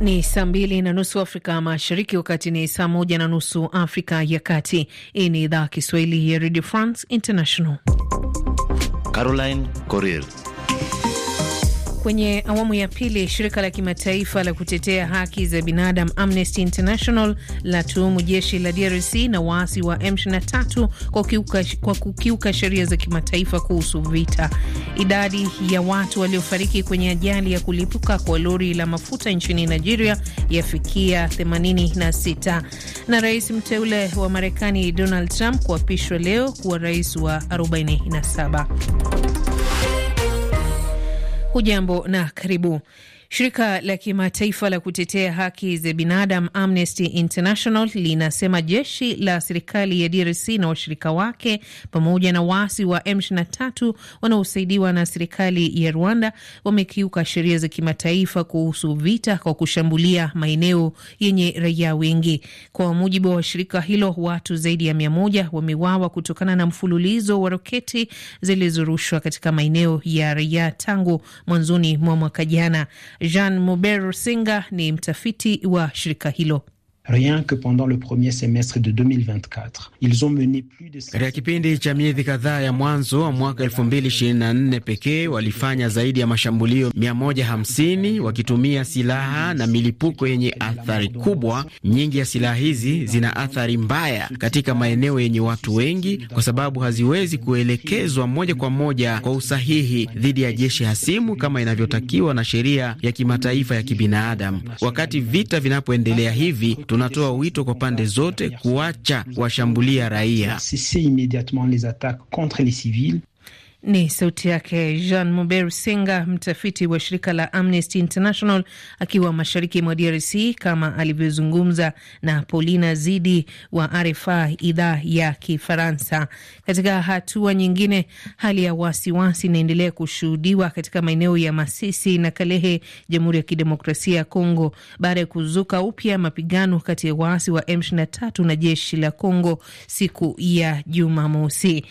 Ni saa mbili na nusu Afrika Mashariki, wakati ni saa moja na nusu Afrika ya Kati. Hii ni idhaa Kiswahili ya Radio France International. Caroline Coril Kwenye awamu ya pili, shirika la kimataifa la kutetea haki za binadamu Amnesty International la tuhumu jeshi la DRC na waasi wa M23 kwa kukiuka, kukiuka sheria za kimataifa kuhusu vita. Idadi ya watu waliofariki kwenye ajali ya kulipuka kwa lori la mafuta nchini Nigeria yafikia 86. Na rais mteule wa Marekani Donald Trump kuapishwa leo kuwa rais wa 47. Hujambo na karibu. Shirika la kimataifa la kutetea haki za binadamu Amnesty International linasema jeshi la serikali ya DRC na washirika wake pamoja na waasi wa M23 wanaosaidiwa na serikali ya Rwanda wamekiuka sheria za kimataifa kuhusu vita kwa kushambulia maeneo yenye raia wengi. Kwa mujibu wa shirika hilo, watu zaidi ya mia moja wamewawa kutokana na mfululizo wa roketi zilizorushwa katika maeneo ya raia tangu mwanzoni mwa mwaka jana. Jean Muberu Singa ni mtafiti wa shirika hilo. Rien que pendant le premier semestre de 2024, ils ont mené plus de... Katika kipindi cha miezi kadhaa ya mwanzo wa mwaka 2024 pekee walifanya zaidi ya mashambulio 150 wakitumia silaha na milipuko yenye athari kubwa. Nyingi ya silaha hizi zina athari mbaya katika maeneo yenye watu wengi, kwa sababu haziwezi kuelekezwa moja kwa moja kwa usahihi dhidi ya jeshi hasimu kama inavyotakiwa na sheria ya kimataifa ya kibinadamu. Wakati vita vinapoendelea hivi tunatoa wito kwa pande zote kuacha kuwashambulia raia. Ni sauti yake Jean Muberu Senga, mtafiti wa shirika la Amnesty International akiwa mashariki mwa DRC, kama alivyozungumza na Paulina Zidi wa RFA idhaa ya Kifaransa. Katika hatua nyingine, hali ya wasiwasi inaendelea kushuhudiwa katika maeneo ya Masisi na Kalehe, Jamhuri ya Kidemokrasia ya Kongo, baada ya kuzuka upya mapigano kati ya waasi wa M23 na jeshi la Kongo siku ya Jumamosi.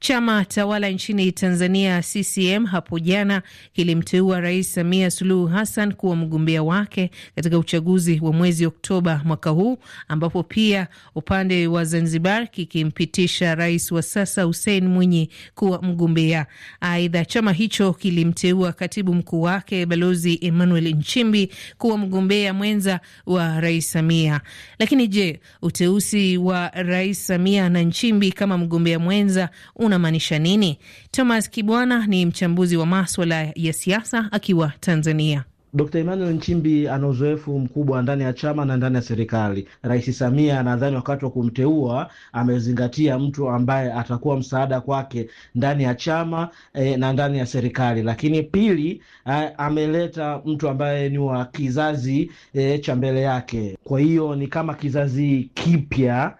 Chama tawala nchini Tanzania, CCM, hapo jana kilimteua Rais Samia Suluhu Hassan kuwa mgombea wake katika uchaguzi wa mwezi Oktoba mwaka huu, ambapo pia upande wa Zanzibar kikimpitisha rais wa sasa Hussein Mwinyi kuwa mgombea. Aidha, chama hicho kilimteua katibu mkuu wake Balozi Emmanuel Nchimbi kuwa mgombea mwenza wa Rais Samia. Lakini je, uteuzi wa Rais Samia na Nchimbi kama mgombea mwenza unamaanisha nini? Thomas Kibwana ni mchambuzi wa maswala ya siasa akiwa Tanzania. Dkt Emmanuel Nchimbi ana uzoefu mkubwa ndani ya chama na ndani ya serikali. Rais Samia nadhani wakati wa kumteua amezingatia mtu ambaye atakuwa msaada kwake ndani ya chama e, na ndani ya serikali. Lakini pili, a, e, ameleta mtu ambaye ni wa kizazi e, cha mbele yake. Kwa hiyo ni kama kizazi kipya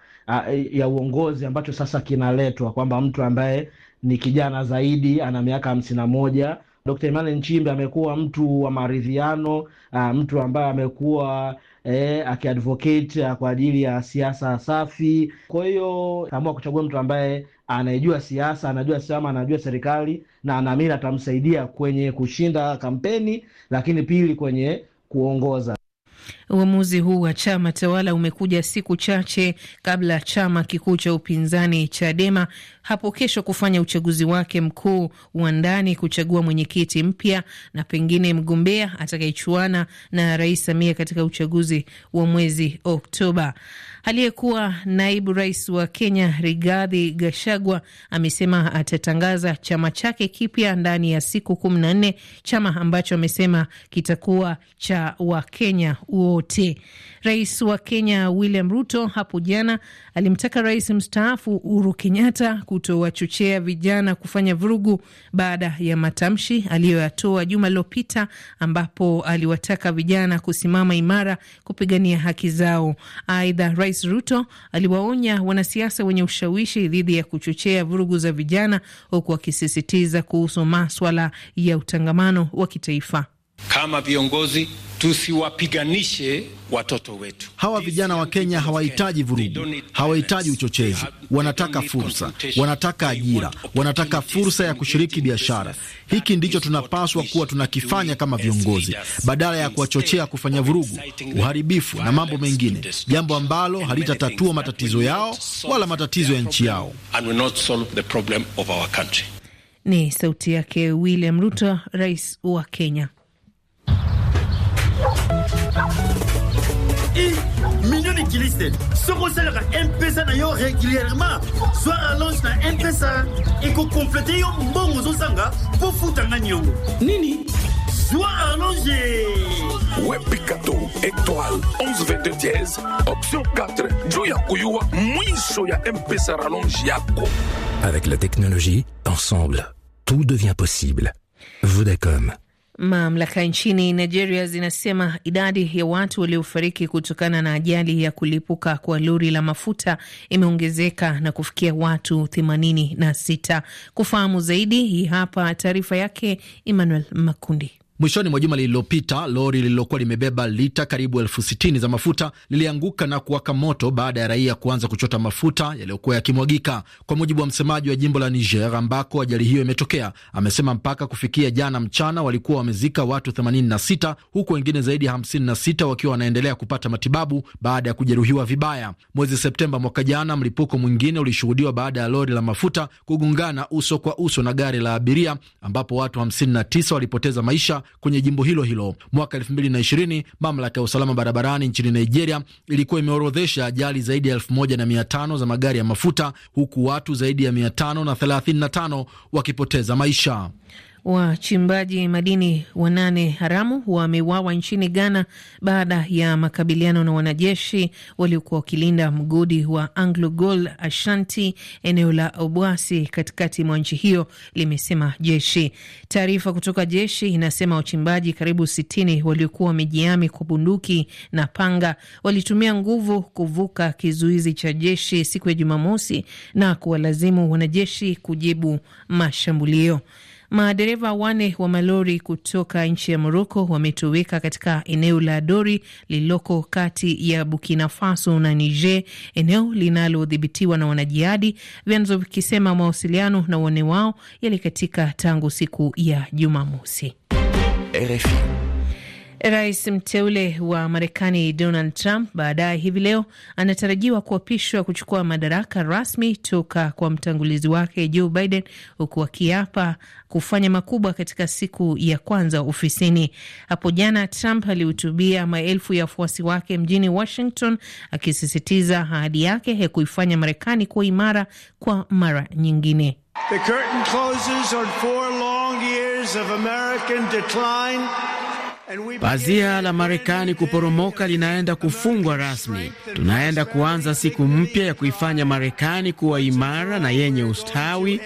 ya uongozi ambacho sasa kinaletwa kwamba mtu ambaye ni kijana zaidi ana miaka hamsini na moja Dkt. Emmanuel Nchimbi amekuwa mtu wa maridhiano, mtu ambaye amekuwa eh, akiadvocate kwa ajili ya siasa safi. Kwa hiyo kaamua kuchagua mtu ambaye anaijua siasa, anajua chama, anajua serikali na anaamini atamsaidia kwenye kushinda kampeni, lakini pili kwenye kuongoza. Uamuzi huu wa chama tawala umekuja siku chache kabla chama kikuu cha upinzani Chadema hapo kesho kufanya uchaguzi wake mkuu wa ndani kuchagua mwenyekiti mpya na pengine mgombea atakayechuana na Rais Samia katika uchaguzi wa mwezi Oktoba. Aliyekuwa naibu rais wa Kenya Rigathi Gachagua amesema atatangaza chama chake kipya ndani ya siku kumi na nne, chama ambacho amesema kitakuwa cha Wakenya wote. Rais wa Kenya William Ruto hapo jana alimtaka rais mstaafu Uhuru Kenyatta kutowachochea vijana kufanya vurugu baada ya matamshi aliyoyatoa juma lililopita, ambapo aliwataka vijana kusimama imara kupigania haki zao. Aidha, Rais Ruto aliwaonya wanasiasa wenye ushawishi dhidi ya kuchochea vurugu za vijana, huku akisisitiza kuhusu maswala ya utangamano wa kitaifa. Kama viongozi tusiwapiganishe watoto wetu. Hawa vijana wa Kenya hawahitaji vurugu, hawahitaji uchochezi, wanataka fursa, wanataka ajira, wanataka fursa ya kushiriki biashara. Hiki ndicho tunapaswa kuwa tunakifanya kama viongozi, badala ya kuwachochea kufanya vurugu, uharibifu na mambo mengine, jambo ambalo halitatatua matatizo yao wala matatizo ya nchi yao. Ni sauti yake William Ruto, rais wa Kenya. i se kilise Ce osalaka régulièrement na yo régulièrement MPSA allonge na mpesa un bon mbongo vous foutre un agneau. nini Soit allongé. Web Picato, étoile 1122 dièse, option 4, Joya Kouyua, MP MPS rallonge Yako. Avec la technologie, ensemble, tout devient possible. Vodacom. Mamlaka nchini Nigeria zinasema idadi ya watu waliofariki kutokana na ajali ya kulipuka kwa lori la mafuta imeongezeka na kufikia watu na sita. Kufahamu zaidi, hii hapa taarifa yake Emmanuel Makundi. Mwishoni mwa juma lililopita lori lililokuwa limebeba lita karibu elfu sitini za mafuta lilianguka na kuwaka moto baada ya raia kuanza kuchota mafuta yaliyokuwa yakimwagika. Kwa mujibu wa msemaji wa jimbo la Niger ambako ajali hiyo imetokea, amesema mpaka kufikia jana mchana walikuwa wamezika watu 86 huku wengine zaidi ya 56 wakiwa wanaendelea kupata matibabu baada ya kujeruhiwa vibaya. Mwezi Septemba mwaka jana, mlipuko mwingine ulishuhudiwa baada ya lori la mafuta kugungana uso kwa uso na gari la abiria ambapo watu 59 walipoteza maisha kwenye jimbo hilo hilo. Mwaka 2020 mamlaka ya usalama barabarani nchini Nigeria ilikuwa imeorodhesha ajali zaidi ya 1500 za magari ya mafuta huku watu zaidi ya 535 wakipoteza maisha. Wachimbaji madini wanane haramu wameuawa nchini Ghana baada ya makabiliano na wanajeshi waliokuwa wakilinda mgodi wa AngloGold Ashanti eneo la Obuasi katikati mwa nchi hiyo, limesema jeshi. Taarifa kutoka jeshi inasema wachimbaji karibu sitini waliokuwa wamejihami kwa bunduki na panga walitumia nguvu kuvuka kizuizi cha jeshi siku ya Jumamosi na kuwalazimu wanajeshi kujibu mashambulio. Madereva wane wa malori kutoka nchi ya Moroko wametoweka katika eneo la Dori lililoko kati ya Burkina Faso na Niger, eneo linalodhibitiwa na wanajihadi, vyanzo vikisema mawasiliano na wane wao yalikatika tangu siku ya Jumamosi. RFI Rais mteule wa Marekani Donald Trump baadaye hivi leo anatarajiwa kuapishwa kuchukua madaraka rasmi toka kwa mtangulizi wake Joe Biden, huku akiapa kufanya makubwa katika siku ya kwanza ofisini. Hapo jana, Trump alihutubia maelfu ya wafuasi wake mjini Washington, akisisitiza ahadi yake ya kuifanya Marekani kuwa imara kwa mara nyingine. The curtain closes on four long years of American decline. Pazia la Marekani kuporomoka linaenda kufungwa rasmi. Tunaenda kuanza siku mpya ya kuifanya Marekani kuwa imara na yenye ustawi,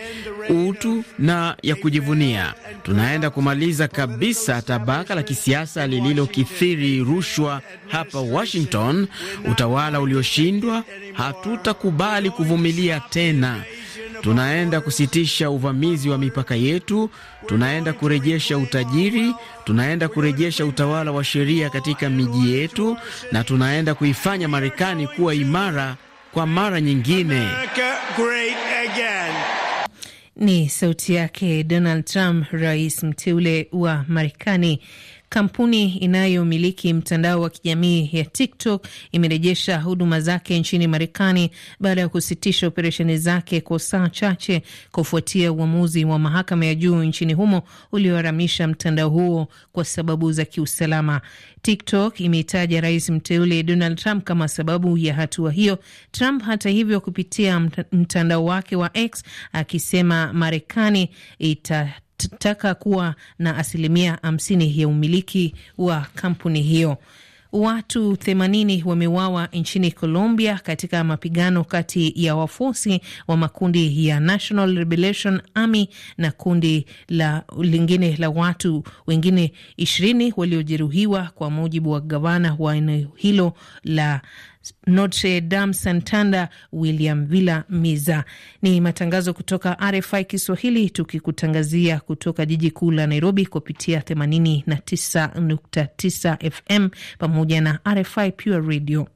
utu na ya kujivunia. Tunaenda kumaliza kabisa tabaka la kisiasa lililokithiri rushwa hapa Washington, utawala ulioshindwa. Hatutakubali kuvumilia tena tunaenda kusitisha uvamizi wa mipaka yetu, tunaenda kurejesha utajiri, tunaenda kurejesha utawala wa sheria katika miji yetu, na tunaenda kuifanya Marekani kuwa imara kwa mara nyingine. Ni sauti yake Donald Trump, rais mteule wa Marekani. Kampuni inayomiliki mtandao wa kijamii ya TikTok imerejesha huduma zake nchini Marekani baada ya kusitisha operesheni zake kwa saa chache kufuatia uamuzi wa mahakama ya juu nchini humo ulioharamisha mtandao huo kwa sababu za kiusalama. TikTok imeitaja rais mteule Donald Trump kama sababu ya hatua hiyo. Trump hata hivyo, kupitia mtandao wake wa X akisema Marekani ita wanataka kuwa na asilimia hamsini ya umiliki wa kampuni hiyo. Watu 80 wameuawa nchini Colombia katika mapigano kati ya wafuasi wa makundi ya National Liberation Army na kundi la lingine la watu wengine 20 waliojeruhiwa, kwa mujibu wa gavana wa eneo hilo la Notre Dame Santanda William Villa Miza. Ni matangazo kutoka RFI Kiswahili tukikutangazia kutoka jiji kuu la Nairobi kupitia 89.9 FM pamoja na RFI Pure Radio.